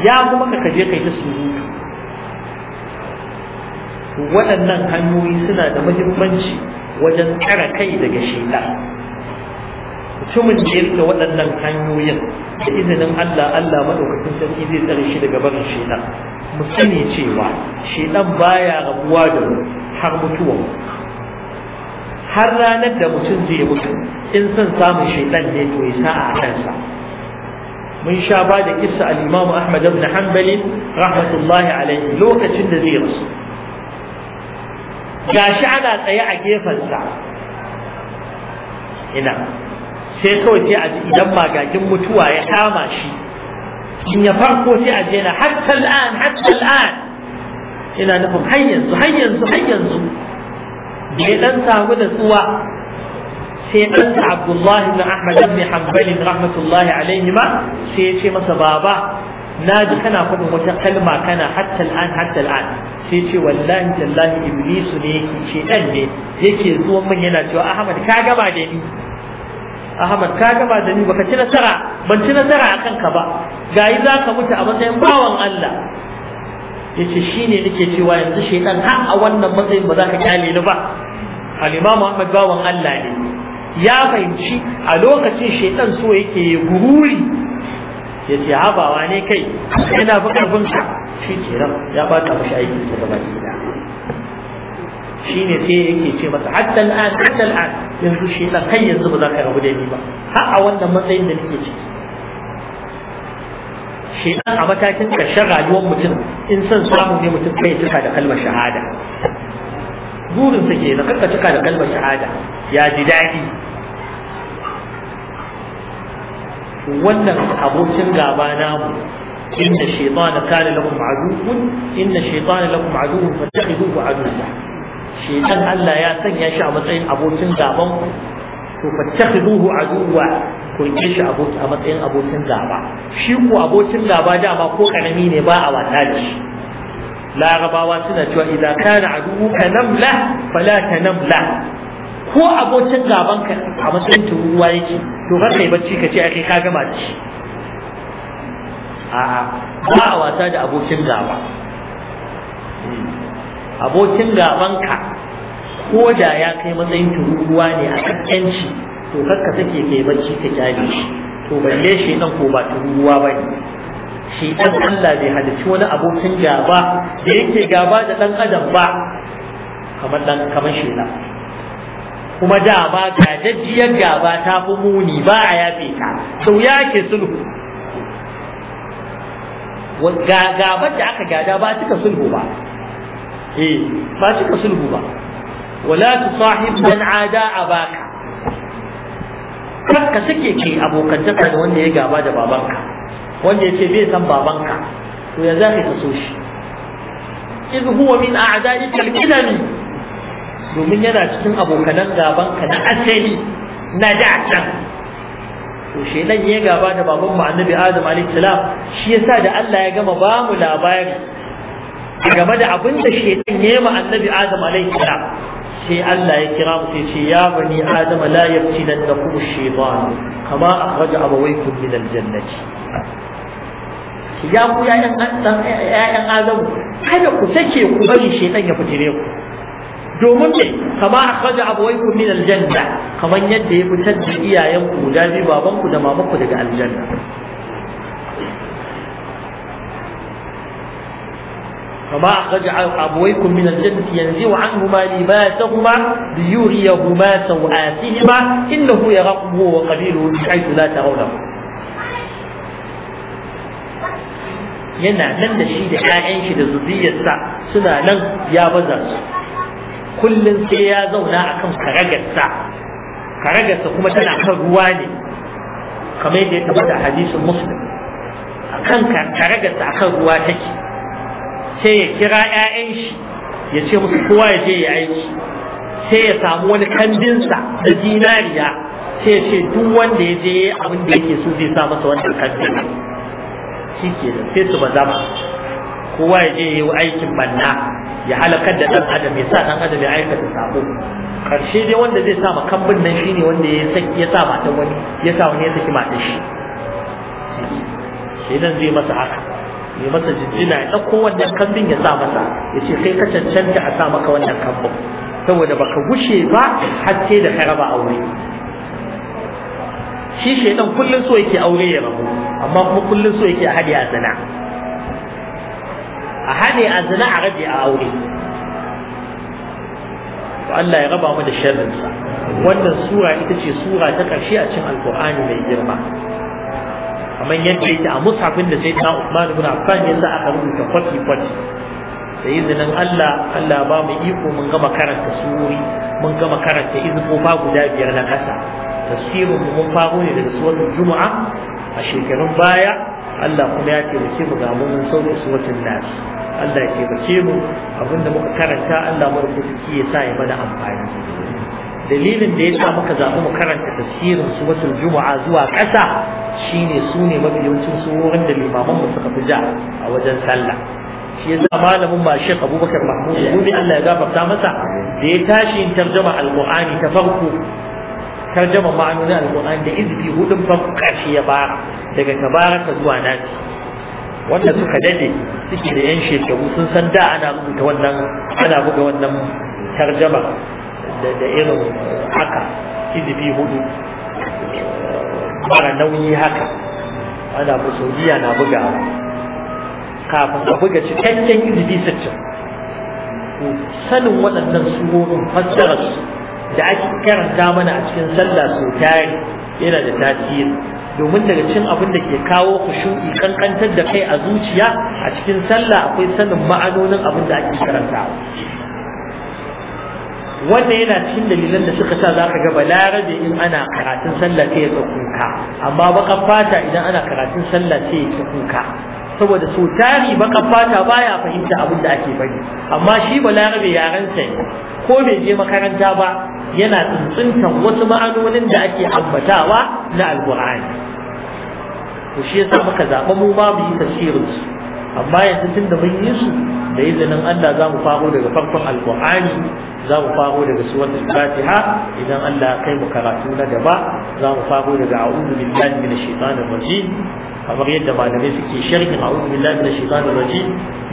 ya kuma ka kaje kai ta surutu waɗannan hanyoyi suna da muhimmanci wajen tsara kai daga shida mutumin da ya rike waɗannan hanyoyin da izinin Allah Allah madaukakin sarki zai tsare shi daga barin shida mu sani cewa shidan baya rabuwa da mu har mutuwa har ranar da mutum zai mutu in son samun shidan ne to ya sa a kansa mun sha ba da kissa al-Imam Ahmad ibn Hanbali rahmatullahi alaihi lokacin da zai rasu gashi ana tsaye a gefensa ina sai kawai sai a idan magagin mutuwa ya kama shi in ya farko sai a jena hatta al'an hatta al'an ina nufin har yanzu har yanzu har yanzu bai dan samu da tsuwa sai ɗansa abdullahi ibn ahmad ibn hanbalin rahmatullahi ma sai ya ce masa baba na ji kana faɗin wata kalma kana hatta al'an hatta al'an sai ce wallahi tallahi iblisu ne yake ce dan ne yake zuwa min yana cewa ahmad ka gaba da ni ahmad ka gaba da ni baka ci nasara ban ci nasara akan ka ba gayi za ka mutu a matsayin bawan Allah yace shine nake cewa yanzu shaytan har a wannan matsayin ba za ka kyale ni ba al-imam ahmad bawan Allah ne ya fahimci a lokacin shaitan so yake ya gururi ya ce habawa ne kai yana fi karfin ka shi ke nan ya ba bata mashi aiki ta gaba gida shi ne sai yake ce masa hatta al'an hatta al'an yanzu shaitan kai yanzu ba za ka rabu da ni ba har a wannan matsayin da nake ciki shaitan a matakin ƙarshen rayuwar mutum in son samu ne mutum kai cika da kalmar shahada burinsa ke na kakka cika da kalmar shahada ya ji daɗi wannan abokin gaba namu إن الشيطان كان لكم عدو إن الشيطان لكم عدو فاتخذوه عدوا شيطان ألا يا سن يا شعب سين أبو سن دابن فاتخذوه عدوا kun yi shi a matsayin abokin gaba shi ku abokin gaba dama ko karami ne ba a wata da shi larabawa suna cewa idan kana aduwu ka namla fala ka namla ko abokin gaban ka a matsayin turuwa yake to har kai bacci ka ce ai kai ka gama da shi a'a ba a wasa da abokin gaba abokin gabanka ko da ya kai matsayin tururuwa ne a kakkanci to kakka take kai bacci ka kyale shi to balle shi nan ko ba tururuwa ba ne shi dan Allah bai halicci wani abokin gaba da yake gaba da dan adam ba kamar dan kamar shi na kuma da ba gajajjiyar gaba ta fi muni ba a yafe ta sau ya ke sulhu gabar da aka gada ba cika sulhu ba eh ba cika sulhu ba wala tu sahib man ada abaka kakka suke ke abokantaka da wanda ya gaba da babanka wanda ya ce bai san babanka to ya za ka so shi iz huwa min a'da'ika al-qidami domin yana cikin abokanan gaban ka na asali na da can to nan ya gaba da baban mu annabi adam alaihi salam shi yasa da Allah ya gama ba mu labari game da abin da shedan ya yi annabi adam alaihi salam sai Allah ya kira mu sai ce ya bani adam la yaftinannakum shaytan kama akhraja abawaykum min aljannati ya ku 'yan adam kada ku sake ku bari shedan ya fitire ku domin ne kama akhraja abawaykum min aljanna kamar yadda ya fitar da iyayenku guda biyu baban ku da mamanku daga aljanna kama akhraja abawaykum min aljanna yanzu ya anhuma libasahuma liyuriyahuma sawatihima innahu yaraqu wa qabiluhu min haythu la tarawnahu yana nan da shi da 'ya'yan shi da zuriyarsa suna nan ya baza su kullum sai ya zauna a kan karagarsa karagarsa kuma tana kan ruwa ne kamar yadda ya tabbata hadisin muslim kan karagarsa akan ruwa take sai ya kira 'ya'yan shi ya ce musu kowa ya je ya aiki sai ya samu wani kandinsa da dinariya sai ya ce duk wanda ya je abin da yake so zai sa masa wannan kandin shi ke sai su ba zama kowa ya je ya yi aikin banna ya halakar da dan adam ya sa dan adam ya aikata sabo karshe dai wanda zai sa makambin nan shine wanda ya sa ya sa mata wani ya sa wani ya saki mata shi sai dan zai masa haka ya masa jinjina ya dauko wannan kambin ya sa masa ya ce kai ka cancanta a sa maka wannan kambin saboda baka gushe ba har sai da ka raba aure shi shaidan kullun so yake aure ya rabu amma kuma kullun so yake hadi a zina a hane a zina a rage a aure to Allah ya raba mu da sharrinsa wannan sura ita ce sura ta ƙarshe a cikin alkur'ani mai girma kamar yadda yake a musafin da sai ta Uthman ibn Affan ya sa aka rubuta kwati kwafi da izinin Allah Allah ba mu iko mun gama karanta surori mun gama karanta izbofa guda biyar na ƙasa tafsirin mu mun faro ne daga suratul Juma'a a shekarun baya Allah kuma ya taimaki mu ga mun sauke suratul Nas Allah ya taimake mu abinda muka karanta Allah mu rubuta ya sa ya mana amfani dalilin da ya sa muka zaɓi mu karanta tafsirin watan juma'a zuwa ƙasa shine su ne mabiyancin wurin da limaman mu suka fi ja a wajen sallah shi yasa malamin ba Sheikh Abubakar Mahmud Gumi Allah ya gafarta masa da ya tashi yin tarjuma alqur'ani ta farko tarjuma ma'anonin alqur'ani da izbi hudun farko kashi ya ba daga tabaraka zuwa nasi wanda suka dade suke da yan shekaru sun san da ana rubuta wannan ana buga wannan tarjama da irin haka hizibi hudu mara nauyi haka ana musauliya na buga kafin a buga cikakken hizibi sittin sanin waɗannan surorin fassararsu da ake karanta mana a cikin sallah sau tari yana da tasiri domin daga cin abin da ke kawo shuɗi kankantar da kai a zuciya a cikin sallah akwai sanin ma'anonin abin da ake karanta wannan yana cikin dalilan da suka sa zaka ga balarabe in ana karatun sallah sai ya kuka amma bakan fata idan ana karatun sallah sai ya kuka saboda so tari bakan fata baya fahimta abin da ake bari amma shi balarabe yarensa ne ko bai je makaranta ba yana tsuntsuntan wasu ma'anonin da ake ambatawa na alqur'ani to shi yasa muka zaɓa mu ba mu yi tafsirin su amma yanzu tun da mun yi su da izinin Allah za mu faro daga farkon alqur'ani za mu faro daga suratul fatiha idan Allah ya kai mu karatu na gaba za mu faro daga a'udhu billahi minash shaitanir rajim kamar yadda malamai suke sharhin a'udhu billahi minash shaitanir rajim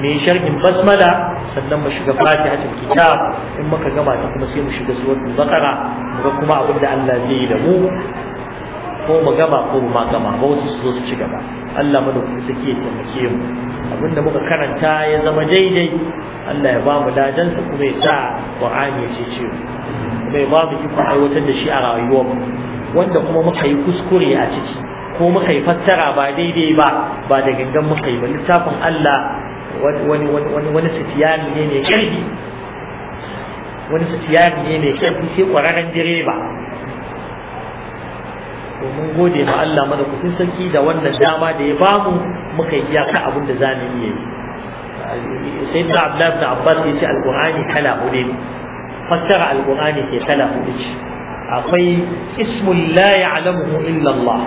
mai sharhin basmala sannan mu shiga fatihatul kitab in muka gama ta kuma sai mu shiga suratul baqara mu ga kuma abin da Allah zai yi da mu ko mu gama ko mu ma gama ba wasu su zo su ci gaba Allah madaukakin sake ya taimake mu abinda muka karanta ya zama daidai Allah ya ba mu ladansa kuma ya sa Qur'ani ya ce mu kuma ya ba mu iko aiwatar da shi a rayuwar mu wanda kuma muka yi kuskure a ciki ko muka yi fassara ba daidai ba ba da gangan muka yi ba littafin Allah wani wani sitiyani ne mai ƙarfi. wani sitiyani ne mai ƙarfi sai kwararren direba to mun gode ma Allah madaukakin sarki da wannan dama da ya bamu muka yi iyaka abin da mu yi sai da Abdullahi ibn Abbas ya ce alqur'ani kala hudu fassara alqur'ani ke kala hudu akwai ismul la ya'lamuhu illa Allah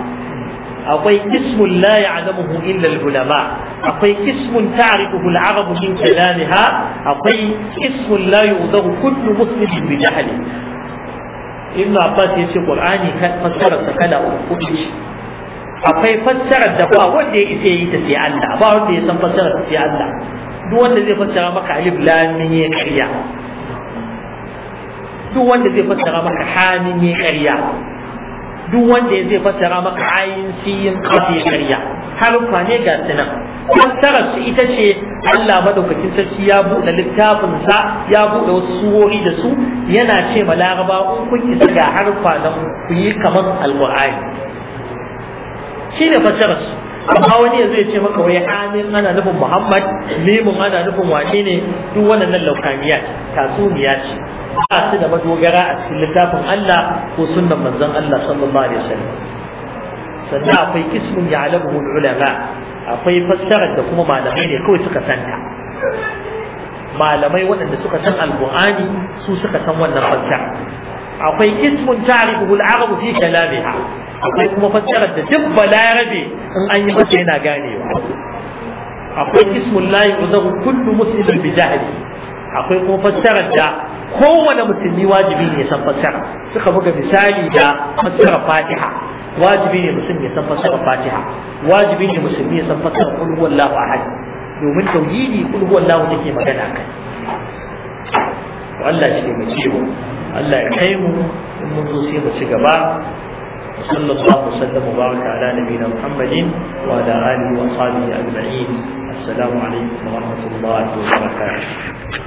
akwai ismun la ya'lamuhu illa al-ulama akwai ismun ta'rifuhu al-arabu min kalamiha akwai ismun la yudahu kullu muslimin bi jahli ibn abbas yace qur'ani kan fassara ta kala uku akwai fassarar da ba wanda ya isa yi ta sai Allah ba wanda ya san fassarar ta sai Allah duk wanda zai fassara maka alif lam mim ya karya duk wanda zai fassara maka hamim ya karya duk wanda ya zai fassara maka ayin siyin kafi karya harufa ne ga sinan fassara su ita ce Allah madaukakin sarki ya buɗe littafin sa ya buɗe wasu suwori da su yana ce ma laraba in kun isa ga harufa da ku yi kamar alqur'ani shine fassara su amma wani yanzu ce maka wai amin ana nufin muhammad mimun ana nufin wane ne duk wannan laukamiya ce tatsuniya ce ba su da madogara a cikin littafin Allah ko sunnan manzon Allah sallallahu alaihi wasallam sannan akwai kismin ya'lamuhu ulama akwai fassarar da kuma malamai ne kawai suka san ta. malamai waɗanda suka san alqur'ani su suka san wannan fassara akwai ismun ta'rifuhu al-arab fi kalamiha akwai kuma fassarar da duk balarabe in an yi masa yana ganewa akwai ismun la yuzahu kullu muslimin bi jahli akwai kuma fassarar da kowane musulmi wajibi ne san fassara suka buga misali da fassarar fatiha wajibi ne musulmi ya san fassarar fatiha wajibi ne musulmi ya san fassarar kul huwallahu ahad domin tauhidi kul Lahu take magana kai Allah shi mai ciwo Allah ya kai mu in mun zo sai mu ci gaba صلى الله وسلم وبارك على نبينا محمد وعلى اله واصحابه اجمعين السلام عليكم ورحمه الله وبركاته